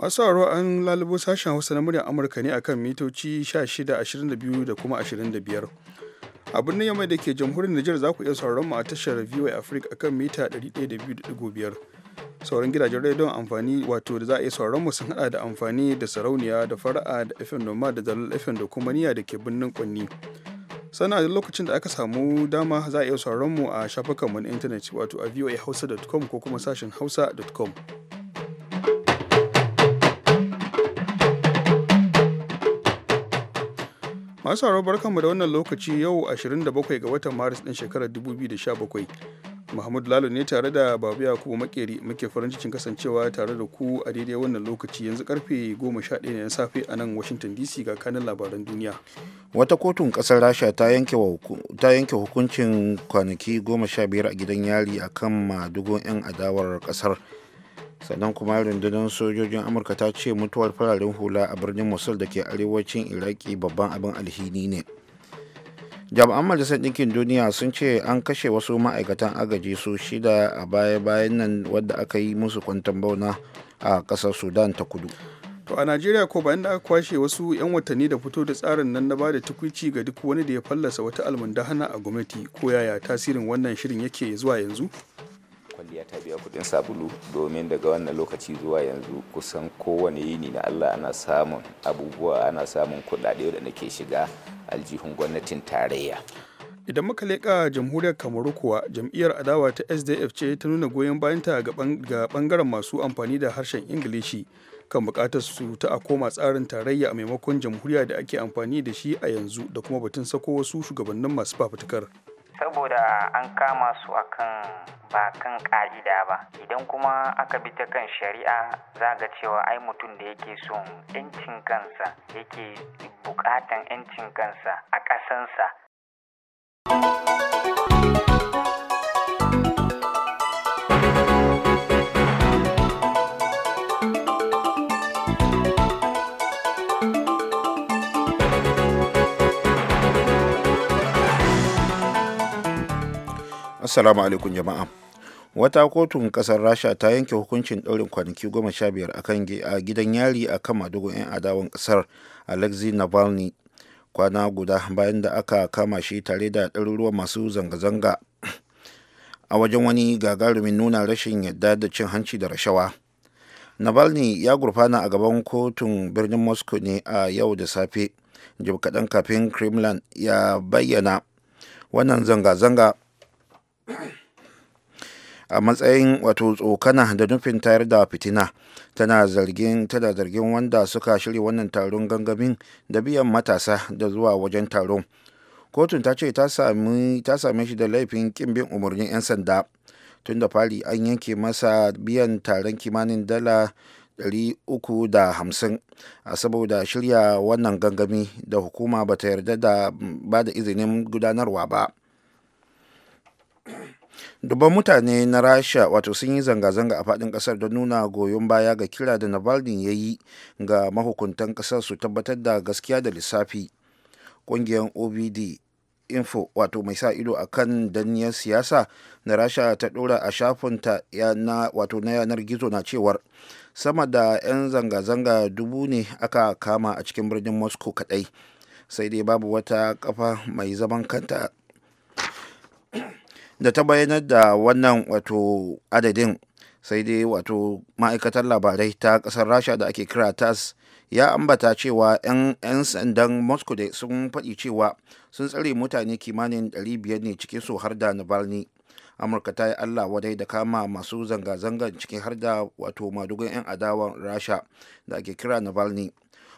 masu haro an lalubo sashen hausa na muryar amurka ne akan mitoci 16 22 da kuma 25 abin nan yamma da ke jamhuriyar Nijar za ku iya sauran mu a tashar VOA Africa akan mita 102.5 sauran gidajen rediyon amfani wato da za a iya sauran mu sun hada da amfani da sarauniya da fara'a da FM Noma da Zalal FM da kuma da ke birnin Kwanni sana da lokacin da aka samu dama za a iya sauran mu a shafukanmu na intanet wato a voahausa.com ko kuma sashen hausa.com masu sauraro barkanmu da wannan lokaci yau 27 ga watan maris din shekarar 2017 Mahmud Lalo ne tare da Babu kuma Makeri muke farin cikin kasancewa tare da ku a daidai wannan lokaci yanzu karfe 11 na safe a nan Washington DC ga kanin labaran duniya. Wata kotun kasar Rasha ta yanke hukuncin kwanaki 15 a gidan yari a kan madugun 'yan adawar kasar. sannan kuma rundunar sojojin amurka ta ce mutuwar fararen hula a birnin mosul da ke arewacin iraki babban abin alhini ne jami'an majalisar ɗinkin duniya sun ce an kashe wasu ma'aikatan agaji su shida a baya-bayan nan wadda aka yi musu kwantan bauna a ƙasar sudan ta kudu to a najeriya ko bayan da aka kwashe wasu 'yan watanni da fito da tsarin nan na bada tukwici ga duk wani da ya fallasa wata almundahana a gwamnati ko yaya tasirin wannan shirin yake zuwa yanzu kwalliya ta biya kudin sabulu domin daga wannan lokaci zuwa yanzu kusan kowane yini na allah ana samun abubuwa ana samun kuɗaɗe da ke shiga aljihun gwamnatin tarayya idan muka leƙa jamhuriyar kamaru kuwa jam'iyyar adawa ta sdf ce ta nuna goyon bayanta ga bangaren masu amfani da harshen ingilishi kan bukatar su ta a koma tsarin tarayya a maimakon jamhuriya da ake amfani da shi a yanzu da kuma batun sako wasu shugabannin masu fafutukar saboda an kama su akan ba kan ka'ida ba idan kuma aka bi ta kan shari'a za ga cewa ai mutum da yake son 'yancin kansa yake buƙatan 'yancin kansa a ƙasansa Assalamu alaikum jama'a. Wata kotun kasar Rasha ta yanke hukuncin ɗaurin kwanaki goma sha biyar a gidan yari a kan madugun 'yan adawan ƙasar Alexei Navalny kwana guda bayan da aka kama shi tare da ɗaruruwan masu zanga-zanga a wajen wani gagarumin nuna rashin yadda da cin hanci da rashawa. Navalny ya gurfana a gaban kotun birnin Moscow ne a yau da safe, jim kaɗan kafin Kremlin ya bayyana wannan zanga-zanga a matsayin wato tsokana da nufin tayar da fitina tana zargin tana zargin wanda suka shirya wannan taron gangamin da biyan matasa da zuwa wajen taron kotun ta ce ta same shi da laifin kin bin umarnin 'yan sanda tun da fari an yanke masa biyan taron kimanin dala 350 a saboda shirya wannan gangami da hukuma ba ta yarda da ba da izinin gudanarwa ba dubban mutane na rasha wato sun yi zanga-zanga a fadin kasar don nuna goyon baya ga kira da navalny ya yi ga mahukuntan kasar su tabbatar da gaskiya da lissafi ƙungiyar obd info wato mai sa ido a kan danniyar siyasa na rasha ta ɗora a shafinta wato na yanar gizo na cewar sama da 'yan zanga-zanga dubu ne aka kama a cikin birnin moscow kaɗai sai dai babu wata kafa mai zaman kanta da ta bayanar da wannan wato adadin sai dai wato ma'aikatar labarai ta kasar rasha da ake kira tas ya ambata cewa 'yan sandan moscow da sun faɗi cewa sun tsare mutane kimanin 500 ne cikin su har da navalny amurka ta yi allah wadai da kama masu zanga-zangar cikin har da wato madugun 'yan adawan rasha da ake kira navalny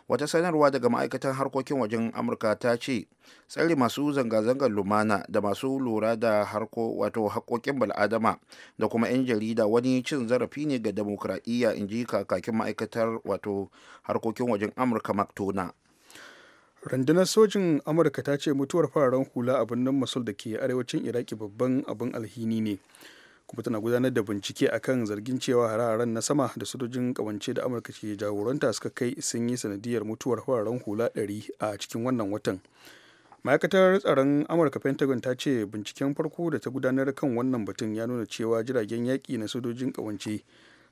wata sanarwa daga ma'aikatan harkokin wajen amurka ta ce tsari masu zanga-zangar lumana da masu lura da harko wato haƙoƙin bal'adama da kuma 'yan jarida wani cin zarafi ne ga demokradiyya in ji kakakin ma'aikatar wato harkokin wajen amurka mactona rundunar sojin amurka ta ce mutuwar fararen hula a birnin masul da ke arewacin iraki babban abin alhini ne kuma tana gudanar da bincike a kan zargin cewa hare na sama da sojojin kawance da amurka ke jagoranta suka kai sun yi sanadiyar mutuwar fararen hula 100 a cikin wannan watan ma'aikatar tsaron amurka pentagon ta ce binciken farko da ta gudanar kan wannan batun ya nuna cewa jiragen yaƙi na sojojin kawance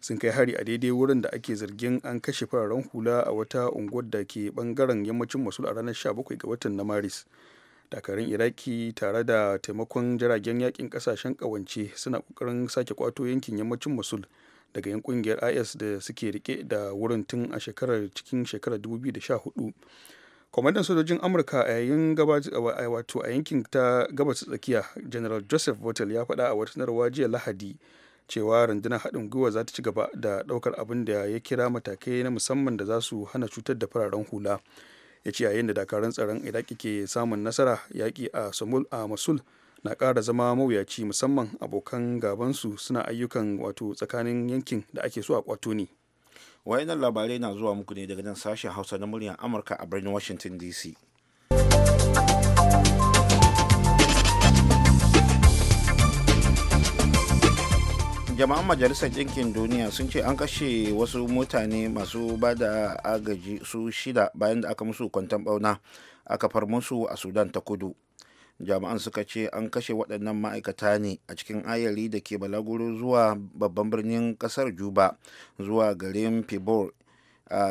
sun kai hari a daidai wurin da ake zargin an kashe fararen hula a wata unguwar da ke bangaren yammacin masul a ranar 17 ga watan na maris dakarun iraki tare da taimakon jiragen yakin kasashen kawance suna kokarin sake kwato yankin yammacin musul daga yan kungiyar is da suke rike da wurin tun a shekarar cikin shekarar 2014 kwamandan sojojin amurka a yayin wato a yankin ta gabas tsakiya general joseph bottle ya faɗa a wata sanarwa jiya lahadi cewa rundunar haɗin gwiwa za ta ci gaba da ɗaukar abin da ya kira matakai na musamman da za su hana cutar da fararen hula ya ce yayin da dakarun tsaron iraki ke samun nasara yaƙi a samul a masul na ƙara zama mawuyaci musamman abokan gabansu suna ayyukan wato tsakanin yankin da ake so a kwato ne wayannan labarai na zuwa muku ne daga nan sashen hausa na muryar amurka a birnin washington dc jama'an majalisar ɗinkin duniya sun ce an kashe wasu mutane masu ba da agaji su shida bayan da aka musu kwanton bauna aka far musu a sudan ta kudu jama'an suka ce an kashe waɗannan ma'aikata ne a cikin ayari da ke balaguro zuwa babban birnin kasar juba zuwa garin pibor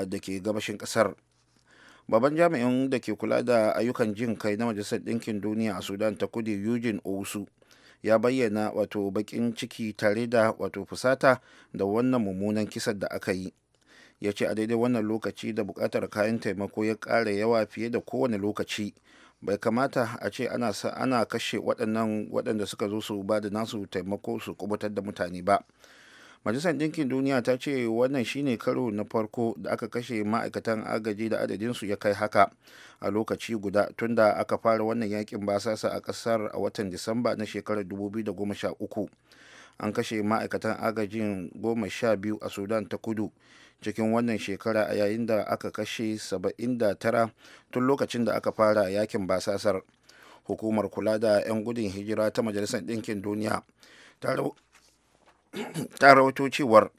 da ke gabashin ƙasar babban jami'in da ke kula da ayyukan jin kai na majalisar ɗinkin duniya a sudan ta kudu eugene owusu ya bayyana wato bakin ciki tare da wato fusata da wannan mummunan kisar da aka yi ya ce a daidai wannan lokaci da bukatar kayan taimako ya ƙara yawa fiye da kowane lokaci bai kamata a ce ana, kashe waɗannan waɗanda suka zo su ba da nasu taimako su kubutar da mutane ba majalisar ɗinkin duniya ta ce wannan shine karo na farko da aka kashe ma'aikatan agaji da adadinsu ya kai haka a lokaci guda tunda aka fara wannan yakin basasa a ƙasar a watan disamba na shekarar 2013 an kashe ma'aikatan agajin goma sha biyu a sudan ta kudu cikin wannan shekara a yayin da aka kashe 79 tun lokacin da aka fara yakin basasar hukumar kula da 'yan gudun hijira ta majalisar ɗinkin duniya ta wato cewar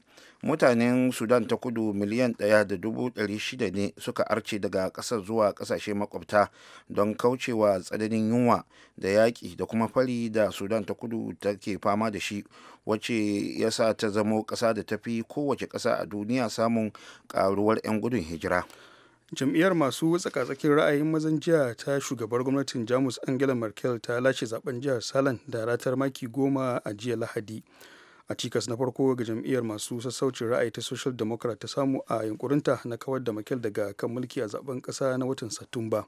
mutanen sudan ta kudu miliyan ɗaya da dubu ɗari shida ne suka arce daga ƙasar zuwa ƙasashe makwabta don kaucewa tsananin yunwa da yaƙi da kuma fari da sudan ta kudu take fama da shi wacce ya sa ta zamo ƙasa da tafi kowace ƙasa a duniya samun ƙaruwar 'yan gudun hijira jam'iyyar masu tsakatsakin ra'ayin mazan jiya ta shugabar gwamnatin jamus angela merkel ta lashe zaben jihar salan da ratar maki goma a jiya lahadi a cikas na farko ga jam'iyyar masu sassaucin ra'ayi ta social democrat ta samu a yunkurinta na kawar da makil daga kan mulki a zaben kasa na watan satumba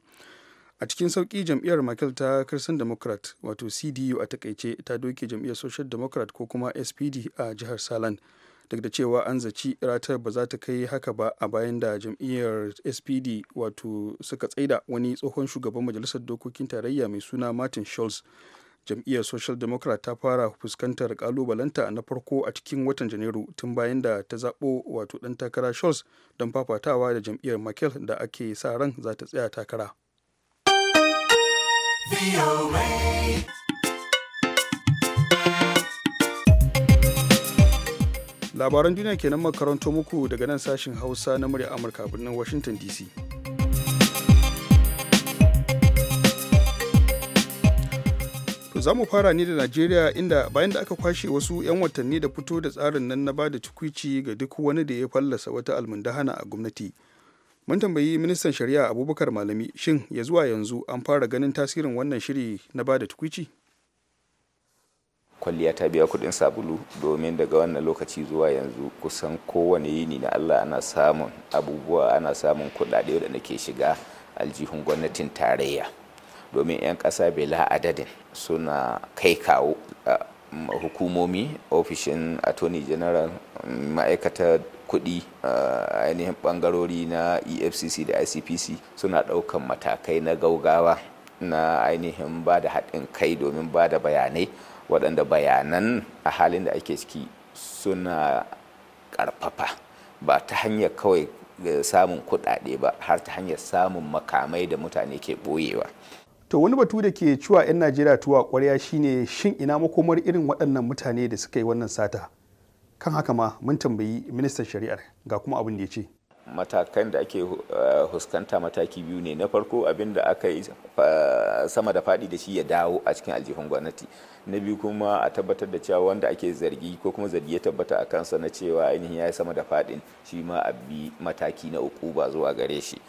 a cikin sauki jam'iyyar makel ta christian democrat wato cdu a takaice ta doke jam'iyyar social democrat ko kuma spd a jihar saland duk da cewa an zaci ratar ba za ta kai haka ba a bayan da jam'iyyar spd wato suka tsaida wani tsohon shugaban majalisar dokokin tarayya mai suna martin schultz jam'iyyar social democrat ta fara fuskantar kalubalanta na farko a cikin watan janairu tun bayan da ta zaɓo wato ɗan takara scholz don fafatawa da jam'iyyar makel da ake sa ran za ta tsaya takara labaran duniya kenan makaranto muku daga nan sashin hausa na murya amurka birnin washington dc za mu fara ne da Najeriya inda bayan da aka kwashe wasu 'yan watanni da fito da tsarin nan na ba da tukwici ga duk wani da ya fallasa wata almundahana a gwamnati. Mun tambayi ministan shari'a Abubakar Malami shin ya zuwa yanzu an fara ganin tasirin wannan shiri na ba da tukwici? kwalliya ta biya kuɗin sabulu domin daga wannan lokaci zuwa yanzu kusan kowane yini na Allah ana samun abubuwa ana samun kuɗaɗe da nake shiga aljihun gwamnatin tarayya domin 'yan ƙasa bela adadin suna kai kawo hukumomi ofishin attorney general ma'aikatar kuɗi ainihin bangarori na efcc da icpc suna ɗaukan matakai na gaugawa na ainihin ba da haɗin kai domin ba da bayanai waɗanda bayanan a halin da ake ciki suna ƙarfafa ba ta hanyar kawai eh, samun kuɗaɗe ba har ta hanyar samun makamai da mutane ke ɓoyewa to wani batu da ke cewa 'yan najeriya tuwa kwarya shine shin ina makomar irin waɗannan mutane da suka yi wannan sata kan haka ma mun tambayi ministan shari'ar ga kuma abin da ya ce matakan da ake eh, huskanta mataki biyu ne na farko abin da aka yi eh, sama da faɗi da shi ya dawo a cikin aljihun gwamnati na biyu kuma a tabbatar da cewa wanda ake zargi ko kuma zargi ya tabbata a kansa na cewa ainihin ya yi sama da faɗin shi ma a bi mataki na uku ba zuwa gare shi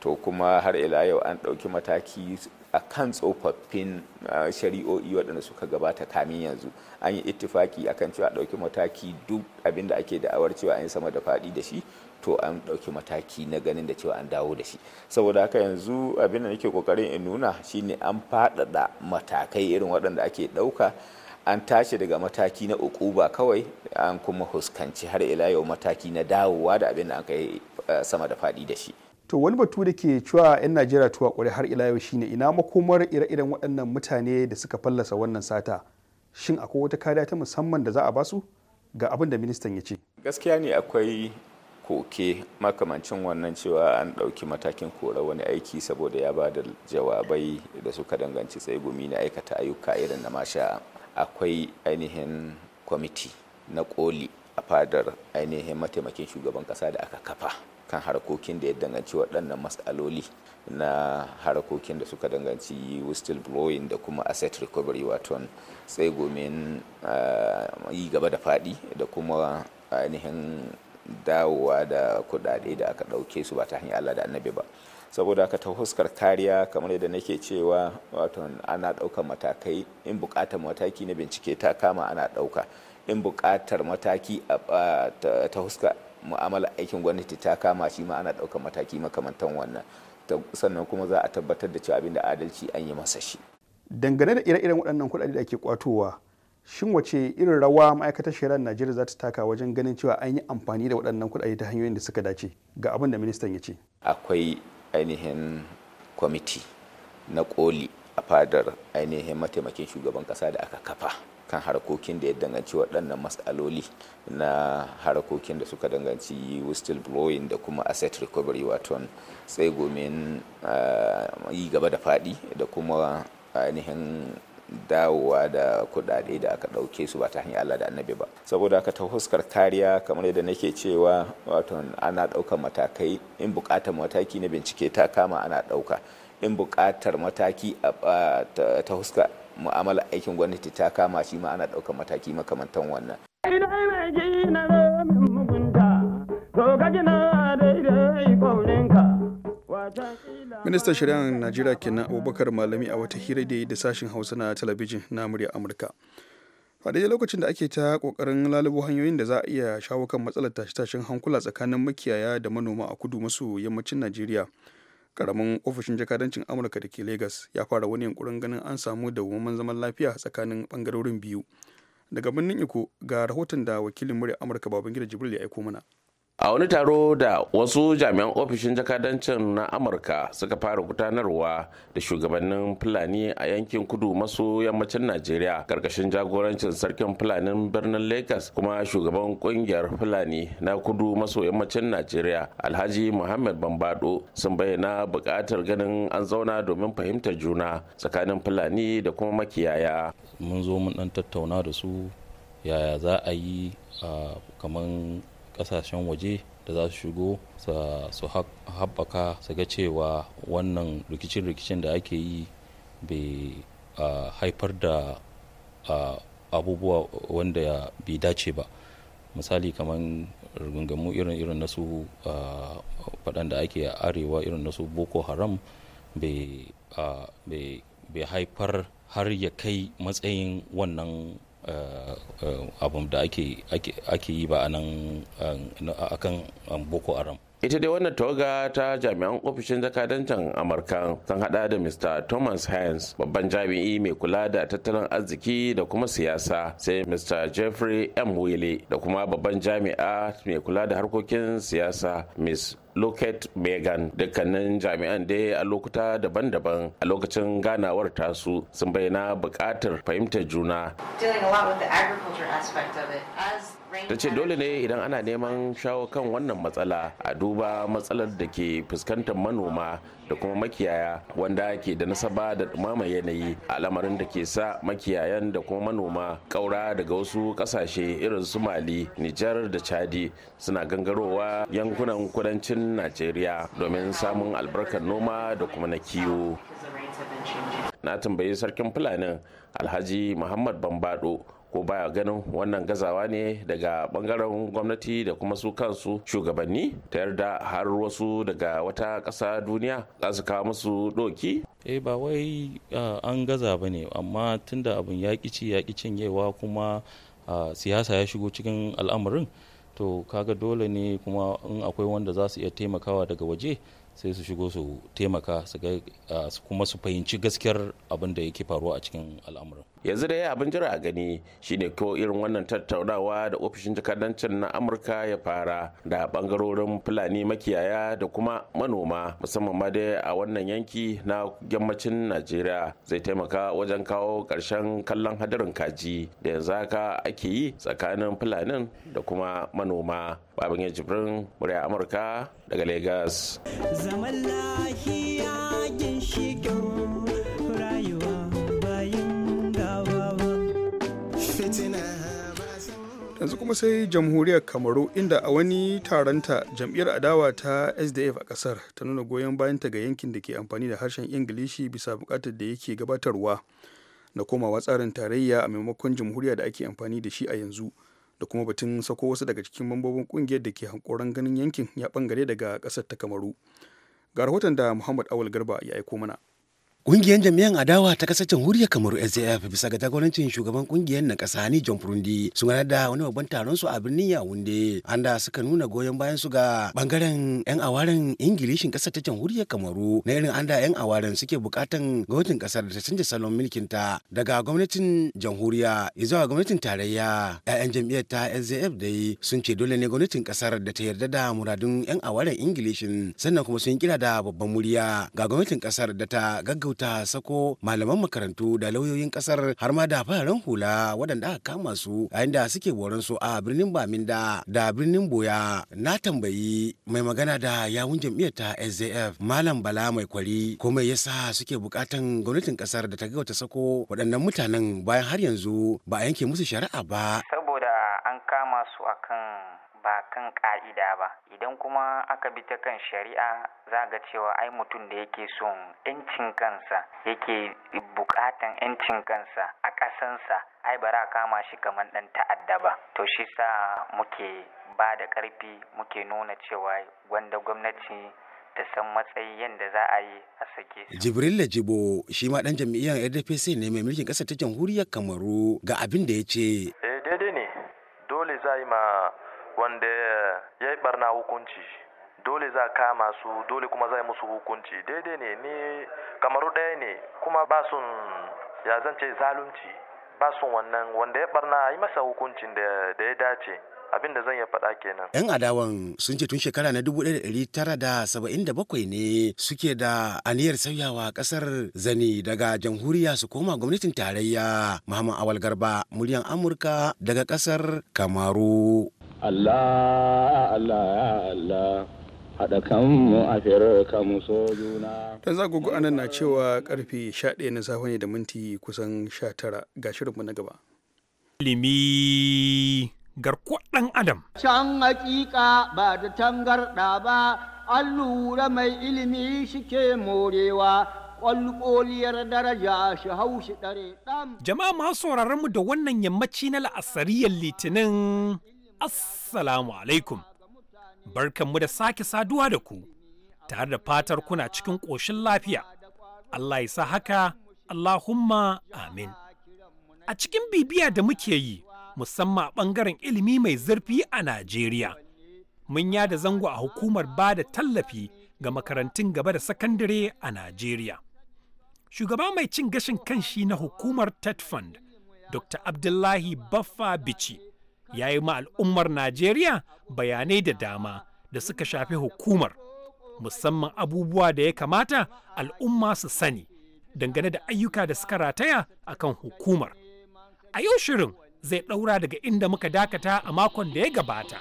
to kuma har ila yau an ɗauki mataki a kan tsofaffin shari'o'i waɗanda suka gabata kamin yanzu an yi ittifaki kan cewa ɗauki mataki duk abin da ake da'awar cewa an yi sama da faɗi da shi to an ɗauki mataki na ganin da cewa an dawo da shi saboda haka yanzu abin da nake kokarin in nuna shine an faɗaɗa matakai irin waɗanda ake ɗauka an tashi daga mataki na ukuba kawai an kuma huskanci har ila yau mataki na dawowa da abin da aka yi sama da faɗi da shi to wani batu da ke cewa 'yan najeriya tuwa kwarai har ila yau shine ina makomar ire-iren waɗannan mutane da suka fallasa wannan sata shin akwai wata kariya ta musamman da za a basu ga abin da ministan ya ce gaskiya ne akwai koke makamancin wannan cewa an ɗauki matakin kora wani aiki saboda ya ba da jawabai da suka danganci tsegumi na aikata ayyuka irin na masha akwai ainihin kwamiti na koli a fadar ainihin mataimakin shugaban kasa da aka kafa kan harkokin da ya danganci waɗannan matsaloli na harkokin da suka danganci whistleblowing da kuma asset recovery wato tsegomin eh, yi gaba da faɗi da kuma ainihin dawowa da kuɗaɗe da aka ɗauke su ba ta hanyar Allah da annabi ba saboda aka ta huskar kariya kamar yadda nake cewa wato ana ɗaukar matakai in buƙatar mataki na bincike ta kama ana ɗauka in buƙatar mataki ta huskar mu'amala aikin gwamnati ta kama shi ma ana ɗaukar mataki makamantan wannan sannan kuma za a tabbatar da cewa abin da adalci an yi masa shi dangane da ire-iren waɗannan kuɗaɗe da ake kwatowa shin wace irin rawa ma'aikatar shari'ar najeriya za ta taka wajen ganin cewa an yi amfani da waɗannan kuɗaɗe ta hanyoyin da suka dace ga abin da ministan ya ce akwai ainihin kwamiti na koli a fadar ainihin mataimakin shugaban kasa da aka kafa kan harkokin da ya danganci waɗannan matsaloli na harkokin da suka danganci whistleblowing da kuma asset recovery wato tsegomin eh, yi gaba da faɗi da kuma ainihin dawowa da kudade da aka ɗauke su ba ta hanyar Allah da annabi ba saboda aka ta huskar kariya kamar yadda nake cewa wato ana ɗaukar matakai in buƙatar mataki na bincike ta kama ana ɗauka in buƙatar mataki ta huskar mu'amala aikin gwamnati ta kama shi ma ana ɗaukar mataki makamantan wannan. Idan mai na ministan shari'ar najeriya kenan abubakar malami a wata hira da da sashen hausa na talabijin na murya amurka a daidai lokacin da ake ta kokarin lalubo hanyoyin da za a iya shawo kan matsalar tashe-tashen hankula tsakanin makiyaya da manoma a kudu maso yammacin najeriya karamin ofishin jakadancin amurka da ke lagos ya fara wani yunkurin ganin an samu da dawwammamen zaman lafiya tsakanin bangarorin biyu daga birnin iko ga rahoton da wakilin murya amurka babangida jibril ya aiko mana a wani taro da wasu jami'an ofishin jakadancin na amurka suka fara gudanarwa da shugabannin fulani a yankin kudu maso yammacin najeriya karkashin jagorancin sarkin fulanin birnin lagos kuma shugaban kungiyar fulani na kudu maso yammacin najeriya alhaji muhammad bambado sun bayyana buƙatar ganin an zauna domin fahimtar juna tsakanin fulani da kuma makiyaya mun zo mun tattauna da su yaya za a yi ah, kamar kasashen waje da za su shigo su haɓaka su ga cewa wannan rikicin-rikicin da ake yi bai haifar da abubuwa wanda bai dace ba misali kamar rigungamu irin-irin na su faɗan da ake a arewa irin na su boko haram bai haifar har ya kai matsayin wannan Eh, eh, abun da ake yi ba a nan eh, akan boko haram ita dai wannan tawaga ta jami'an ofishin jakadancin amurka sun hada da mr thomas hines babban jami'i mai kula da tattalin arziki da kuma siyasa sai mr jeffrey m wheeler da kuma babban jami'a mai kula da harkokin siyasa miss Loket Megan dukkanin jami'an dai a lokuta daban-daban a lokacin ganawar tasu sun bayyana bukatar fahimtar juna. ta ce dole ne idan ana neman shawo kan wannan matsala a duba matsalar da ke fuskantar manoma da kuma makiyaya wanda ke da nasaba da dumama yanayi a lamarin da ke sa makiyayan da kuma manoma kaura daga wasu kasashe irin su mali nijar da chadi suna gangarowa yankunan kudancin najeriya domin samun albarkar noma da kuma na kiwo na tambayi sarkin fulanin alhaji muhammad bambado ko baya ganin wannan gazawa ne daga bangaren gwamnati da kuma su kansu shugabanni ta yarda har wasu daga wata ƙasa duniya za su kawo musu doki eh ba wai an gaza ba ne amma tunda abin ya ci ya cinyewa kuma siyasa ya shigo cikin al'amarin to kaga dole ne kuma in akwai wanda za su iya taimakawa daga waje sai su shigo su taimaka ah, su kuma su fahimci gaskiyar abin da yake faruwa a cikin al'amuran yanzu da ya abin jira a gani shine ko irin wannan tattaunawa da ofishin jakadancin na amurka ya fara da bangarorin fulani makiyaya da kuma manoma musamman ma dai a wannan yanki na yammacin najeriya zai taimaka wajen kawo ƙarshen kallon hadarin kaji da yanzu haka ake yi tsakanin fulanin da kuma manoma babin jibrin murya amurka daga lagos zaman lahiya rayuwa yanzu kuma sai jamhuriyar kamaru inda a wani taronta jam'iyyar adawa ta sdf a kasar ta nuna goyon bayanta ga yankin da ke amfani da harshen ingilishi bisa bukatar da yake gabatarwa na komawa tsarin tarayya a maimakon jamhuriya da ake amfani da shi a yanzu da kuma batun sako wasu daga cikin mambobin kungiyar da ke hankoron ganin yankin ya bangare daga kasar ta kamaru ga rahoton da muhammad awal garba ya aiko mana Ƙungiyar jami'an adawa ta ƙasar jamhuriyar Kamaru SAF bisa ga jagorancin shugaban ƙungiyar na ƙasa ni John Furundi sun da wani babban taron su a birnin yawunde anda suka nuna goyon bayan su ga bangaren 'yan awaren Ingilishin kasar ta jamhuriyar Kamaru na irin anda 'yan awaren suke buƙatan gwamnatin kasar da ta canja salon mulkin ta daga gwamnatin jamhuriya zuwa gwamnatin tarayya. 'Ya'yan jami'ar ta SAF dai sun ce dole ne gwamnatin kasar da ta yarda da muradun 'yan awaren Ingilishin sannan kuma sun kira da babban murya ga gwamnatin kasar da ta gaggawa kyauta sako malaman makarantu da lauyoyin kasar har ma da fararen hula waɗanda aka kama su a inda suke boran su a birnin Baminda da birnin Boya na tambayi mai magana da yawun jam'iyyar ta SJF Malam Bala mai kwari ko mai yasa suke bukatan gwamnatin kasar da ta ta sako waɗannan mutanen bayan har yanzu ba a yanke musu shari'a ba saboda an kama su akan ba kan ka'ida ba idan kuma aka bi ta kan shari'a za ga cewa ai mutum da yake son 'yancin kansa yake bukatan 'yancin kansa a ƙasansa ai bara kama shi kamar ɗan ta'adda ba to shi sa muke ba da ƙarfi muke nuna cewa wanda gwamnati ta san matsayi yadda za a yi a sake su. Jibrilla Jibo shi ma ɗan jam'iyyar RDPC ne mai mulkin ƙasar ta jamhuriyar Kamaru ga abin da ya ce. Eh daidai ne dole za yi ma wanda eh, ya yi barna hukunci dole za kama su dole kuma za yi musu hukunci daidai ne ni kamaru ɗaya ne kuma ba sun ya zance zalunci ba sun wannan wanda ya barna yi masa hukuncin da ya dace abin da zan ya faɗa kenan. 'Yan adawan sun ce tun shekara na 1977 ne suke da aniyar sauyawa kasar zani daga jamhuriya su koma gwamnatin tarayya Muhammad Awal Garba muryan Amurka daga kasar Kamaru. Allah Allah ya Allah haɗa kanmu a kanmu so juna. Dan zagogo anan na cewa karfe 11 na safe ne da minti kusan 19 ga shirinmu na gaba. Ilimi garkuwar ɗan Adam. Can hakika ba da tangarɗa ba, an lura mai ilimi shike morewa. ƙwalƙoliyar daraja shi haushi ɗare ɗan. Jama'a masu sauraron mu da wannan yammaci na la'asariyar litinin Assalamu alaikum, barkanmu da sake saduwa da ku, tare da fatar kuna cikin ƙoshin lafiya. Allah ya sa haka, Allahumma amin. A cikin bibiya da muke yi, musamman a ɓangaren ilimi mai zurfi a Najeriya, mun yada zango a hukumar ba da tallafi ga makarantun gaba da sakandare a Najeriya. Shugaba mai cin gashin kanshi na hukumar TED Fund, Dr. Abdullahi Baffa Bichi. ya yi ma al'ummar Najeriya bayanai da dama da suka shafi hukumar, musamman abubuwa da ya kamata al'umma su sani dangane da ayyuka da suka rataya a kan hukumar. A yau shirin zai ɗaura daga inda muka dakata a makon da ya gabata.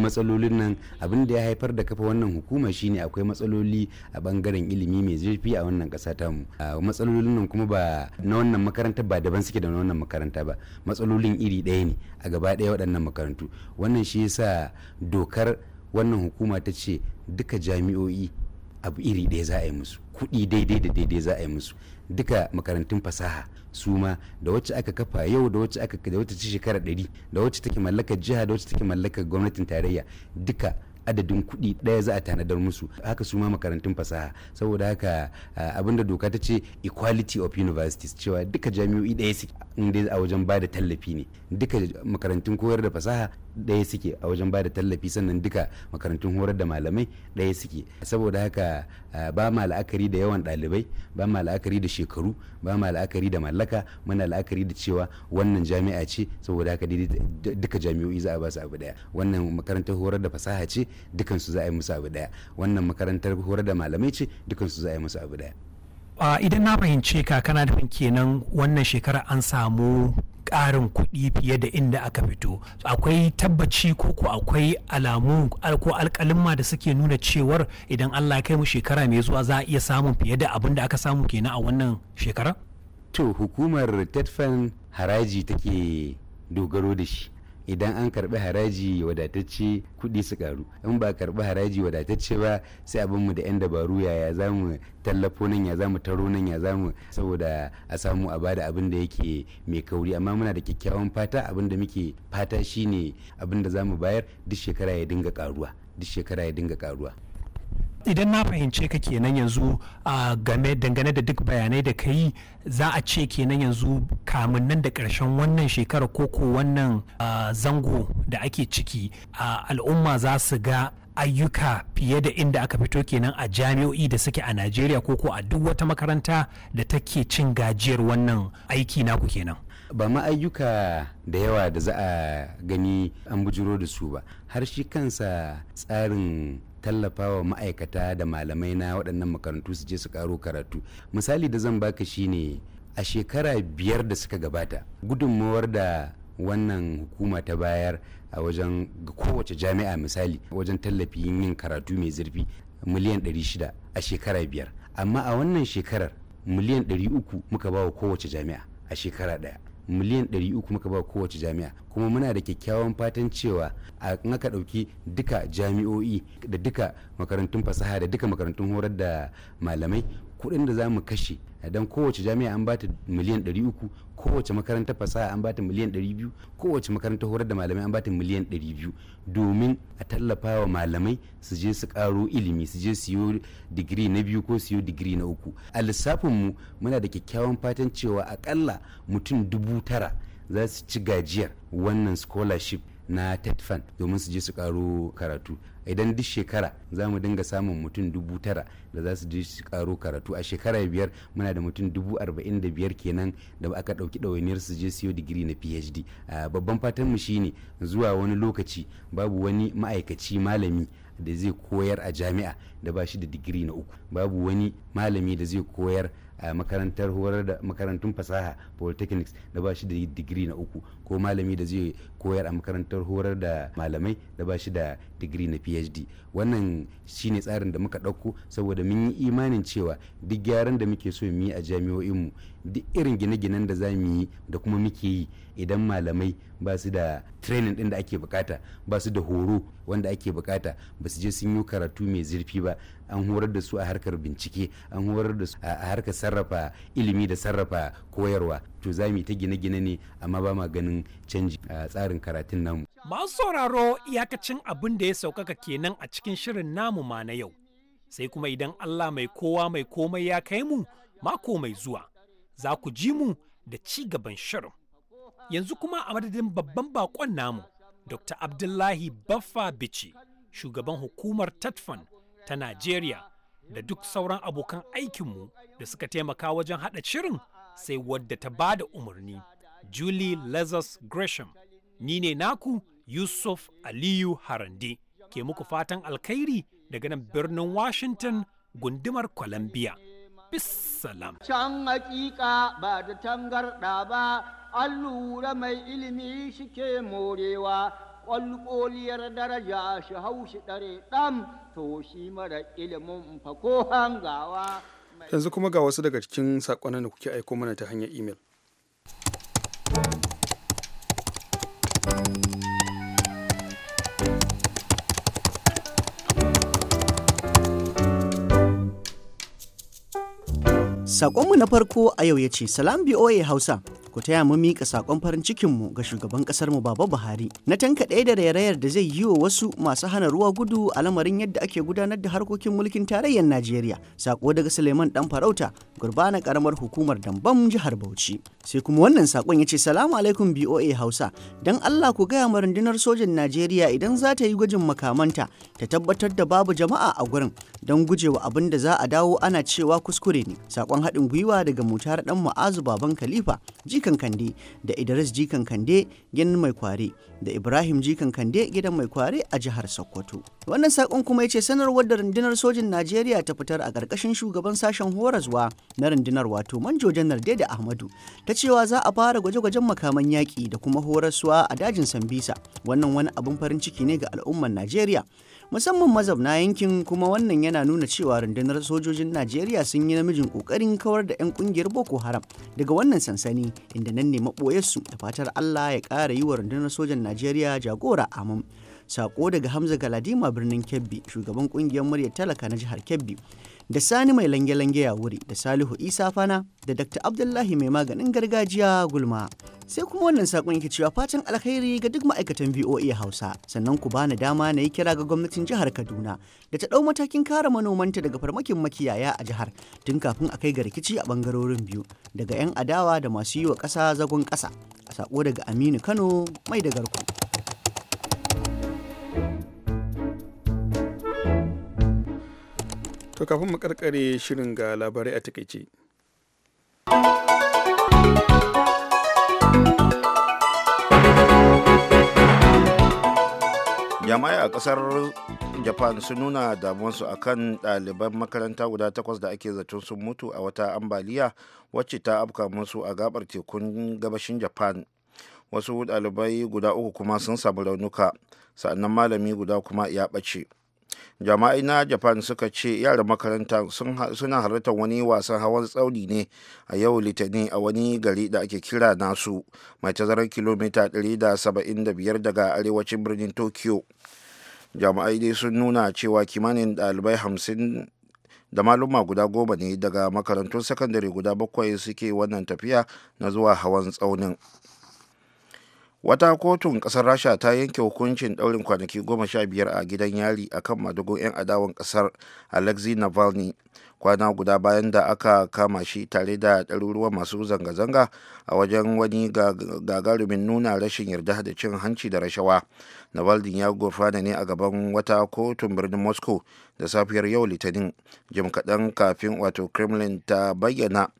matsalolin nan abin da ya haifar da kafa wannan hukuma shine akwai matsaloli a bangaren ilimi mai zurfi a wannan kasa tamu matsalolin nan kuma ba na wannan makaranta ba daban suke da na wannan makaranta ba matsalolin iri ɗaya ne a gaba ɗaya waɗannan makarantu wannan shi yasa dokar wannan hukuma ta ce duka jami'o'i abu iri ɗaya za a yi musu kuɗi daidai da daidai za a yi musu duka makarantun fasaha su ma da wacce aka kafa yau da wacce aka da wacce ci shekara ɗari da wacce take mallakar jiha da wacce take mallakar gwamnatin tarayya duka adadin kuɗi ɗaya za a tanadar musu haka su ma makarantun fasaha saboda haka abinda doka ta ce equality of universities cewa duka jami'o'i ɗaya suke in dai a wajen ba da tallafi ne duka makarantun koyar da fasaha ɗaya suke a wajen ba da tallafi sannan duka makarantun horar da malamai ɗaya suke saboda haka ba ma la'akari da yawan ɗalibai ba ma la'akari da shekaru ba ma la'akari da mallaka muna la'akari da cewa wannan jami'a ce saboda haka duka jami'o'i za a ba su abu ɗaya wannan makarantar horar da fasaha ce dukansu za a yi musu abu ɗaya wannan makarantar horar da malamai ce dukansu za a yi musu abu ɗaya idan na fahimce ka kana nufin kenan wannan shekara an samu ƙarin kuɗi fiye da inda aka fito akwai tabbaci ko ko akwai alamu ko alƙalimma da suke nuna cewar idan allah ya kai mu shekara mai zuwa za a iya samun fiye da abin da aka samu kenan a wannan shekara to hukumar tetfan haraji take dogaro da shi idan an karbi haraji wadatacce kudi su karu in ba karbi haraji wadatacce ba sai abin mu da yan dabaru yaya za mu tallafo nan ya za mu taro nan ya za mu saboda a samu a bada abin da yake mai kauri amma muna da kyakkyawan fata abin da muke fata shine abin da za mu bayar duk shekara ya dinga karuwa duk shekara ya dinga karuwa idan na fahimce ka kenan yanzu a game dangane da duk bayanai da ka yi za a ce kenan yanzu kamun nan da karshen wannan shekara koko wannan zango da ake ciki al'umma za su ga ayyuka fiye da inda aka fito kenan a jami'o'i da suke a najeriya ko a duk wata makaranta da take cin gajiyar wannan aiki naku kenan ba ma ayyuka da yawa da za a gani an bujiro da su ba har shi kansa tsarin tallafawa ma'aikata da malamai na waɗannan makarantu su je su karo karatu misali da zan baka shine a shekara biyar da suka gabata gudunmawar da wannan hukuma ta bayar a wajen kowace jami'a misali wajen tallafi yin karatu mai zurfi miliyan 600 a shekara biyar amma a wannan shekarar miliyan 300 muka ba wa kowace jami'a a shekara daya miliyan 300 muka ba kowace jami'a kuma muna da kyakkyawan fatan cewa a aka ɗauki duka jami'o'i da duka makarantun fasaha da duka makarantun horar da malamai kuɗin da za mu kashe don kowace jami'a an bata miliyan 300 kowace makaranta fasaha an bata miliyan 200 kowace makaranta horar da malamai an bata miliyan 200 domin a tallafa wa malamai su je su karo ilimi su je siyo digiri na biyu ko siyo digiri na uku a lissafinmu muna da kyakkyawan fatan cewa akalla mutum dubu tara za su ci gajiyar wannan scholarship na tetfan domin su je su karo karatu idan duk shekara za mu dinga samun mutum dubu tara da za su je su karo karatu a shekara biyar muna da mutum dubu arba'in da biyar kenan da aka ɗauki ɗawainiyar su je siyo digiri na phd babban fatan mu shine zuwa wani lokaci babu wani ma'aikaci malami da zai koyar a jami'a da ba shi da digiri na uku babu wani malami da zai koyar a makarantar horar da makarantun fasaha polytechnics da ba shi da digiri na uku ko malami da zai koyar a makarantar horar da malamai da ba shi da digiri na phd wannan shine tsarin da muka ɗauko saboda mun yi imanin cewa duk gyaran da muke so mu yi a jami'o'inmu duk irin gine-ginen da za mu yi da kuma muke yi idan malamai ba su da training din da ake bukata ba su da horo wanda ake bukata ba su je sun yi karatu mai zurfi ba an horar da su a harkar bincike an horar da su a harkar sarrafa ilimi da sarrafa koyarwa to za mu ta gine-gine ne amma ba ma ganin canji a tsarin karatun namu masu sauraro iyakacin abin da ya saukaka kenan a cikin shirin namu ma na yau sai kuma idan Allah mai kowa mai komai ya kai mu mako mai zuwa za ku ji mu da ci gaban shirin yanzu kuma a madadin babban bakon namu Dr. Abdullahi Baffa Bichi, shugaban hukumar Tatfan ta Najeriya da duk sauran abokan aikinmu da suka taimaka wajen haɗa shirin sai wadda ta ba da umarni Julie Lazarus Gresham. Ni ne naku Yusuf Aliyu Harande ke muku fatan alkhairi daga nan birnin Washington gundumar Columbia. Bissalam. Can hakika ba da tangarɗa ba, an lura mai ilimi shi ke morewa, ƙwalƙoliyar daraja shi haushi ɗare ɗam. to mara ilimin fa yanzu kuma ga wasu daga cikin sakonnin da kuke aiko mana ta hanyar imel Sakonmu na farko a yau ya ce, Salam BOA Hausa, ku taya mu mika saƙon farin cikinmu ga shugaban mu Baba Buhari na tanka ɗaya da rairayar da zai yi wa wasu masu hana ruwa gudu a lamarin yadda ake gudanar da harkokin mulkin tarayyar Najeriya. Saƙo daga Suleiman Dan Farauta, gurbana ƙaramar hukumar Dambam jihar Bauchi. Sai kuma wannan saƙon ya ce Salamu alaikum BOA Hausa, dan Allah ku gaya ma rundunar sojan Najeriya idan za ta yi gwajin makamanta ta tabbatar da babu jama'a a gurin don gujewa abin da za a dawo ana cewa kuskure ne. Saƙon haɗin gwiwa daga Mutar ɗan Mu'azu Baban Khalifa, Jikan Kande da Idris Jikan Kande ginin mai kware da Ibrahim Jikan Kande gidan mai kware a jihar Sokoto. Wannan sakon kuma yace sanarwar da rundunar sojin Najeriya ta fitar a karkashin shugaban sashen horazwa na rundunar wato Manjo Janar da Ahmadu ta cewa za a fara gwaje-gwajen makaman yaƙi da kuma horaswa a dajin Sambisa. Wannan wani abin farin ciki ne ga al'ummar Najeriya. musamman mazauna yankin kuma wannan yana nuna cewa rundunar sojojin najeriya sun yi namijin kokarin kawar da 'yan kungiyar boko haram daga wannan sansani inda nan ne maɓoyarsu da fatar Allah ya ƙara yi wa rundunar sojan Najeriya jagora amin. Sako daga Hamza Galadima birnin Kebbi, shugaban ƙungiyar muryar talaka na jihar Kebbi. da sani mai lange-lange ya wuri da salihu isa fana da dr abdullahi mai maganin gargajiya gulma sai kuma wannan sakon yake cewa fatan alkhairi ga duk ma'aikatan voa hausa sannan ku bani dama na yi kira ga gwamnatin jihar kaduna da ta ɗau matakin kare manomanta daga farmakin makiyaya a jihar tun kafin a kai ga rikici a bangarorin biyu daga 'yan adawa da masu yi wa ƙasa zagon ƙasa a sako daga aminu kano mai da garku to kafin mu karkare shirin ga labarai a takaice jama'a a kasar japan sun nuna damuwarsu kan ɗaliban makaranta guda takwas da ake zaton sun mutu a wata ambaliya wacce ta afka musu a gabar tekun gabashin japan wasu ɗalibai guda uku kuma sun samu raunuka sa'annan malami guda kuma ya ɓace jama'ai na japan suka ce yaran makaranta suna halartar wani wasan hawan tsauni ne a yau litani a wani gari da ake kira nasu mai tazarar kilomita 175 daga arewacin birnin tokyo jama'ai dai sun nuna cewa kimanin dalibai 50 da maluma guda goma ne daga makarantun sakandare guda bakwai suke wannan tafiya na zuwa hawan tsaunin wata kotun kasar rasha ta yanke hukuncin daurin kwanaki goma sha biyar a gidan yari a kan madugun 'yan adawan kasar alexei navalny kwana guda bayan da aka kama shi tare da ɗaruruwan masu zanga-zanga a wajen wani gagarumin nuna rashin yarda da cin hanci da rashawa navalny ya gurfana ne a gaban wata kotun birnin moscow da safiyar yau litinin jim kaɗan kafin wato kremlin ta bayyana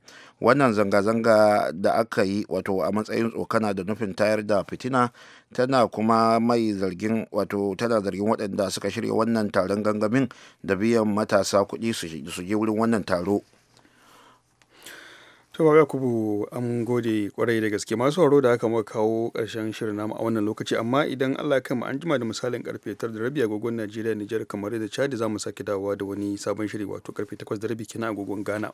wannan zanga-zanga da aka yi wato a matsayin tsokana da nufin tayar da fitina tana kuma mai zargin wato tana zargin waɗanda suka shirya wannan taron gangamin da biyan matasa kuɗi su je wurin wannan taro to ba kubu an gode kwarai da gaske masu horo da aka muka kawo karshen shirin namu a wannan lokaci amma idan Allah ya kama an jima da misalin karfe 9 da rabi agogon Najeriya Nijar kamar da chadi za mu sake dawowa da wani sabon shiri wato karfe 8 da rabi kina agogon Ghana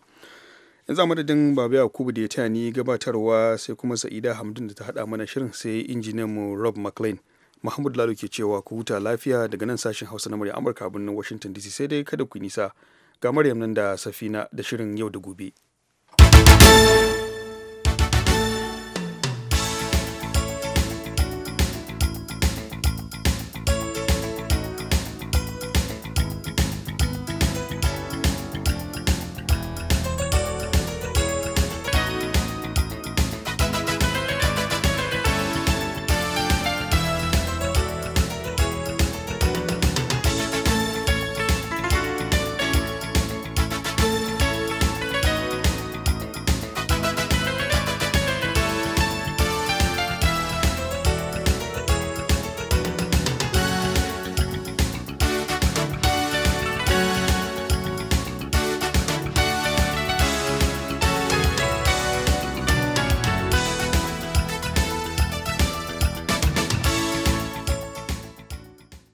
yanzu a madadin baba yakubu da ya taya ni gabatarwa sai kuma sa'ida hamdun da ta hada mana shirin sai injiniyan mu rob mclean mahmud lalu ke cewa ku huta lafiya daga nan sashen hausa na murya amurka a birnin washington dc sai dai kada ku nisa ga maryam nan da safina da shirin yau da gobe.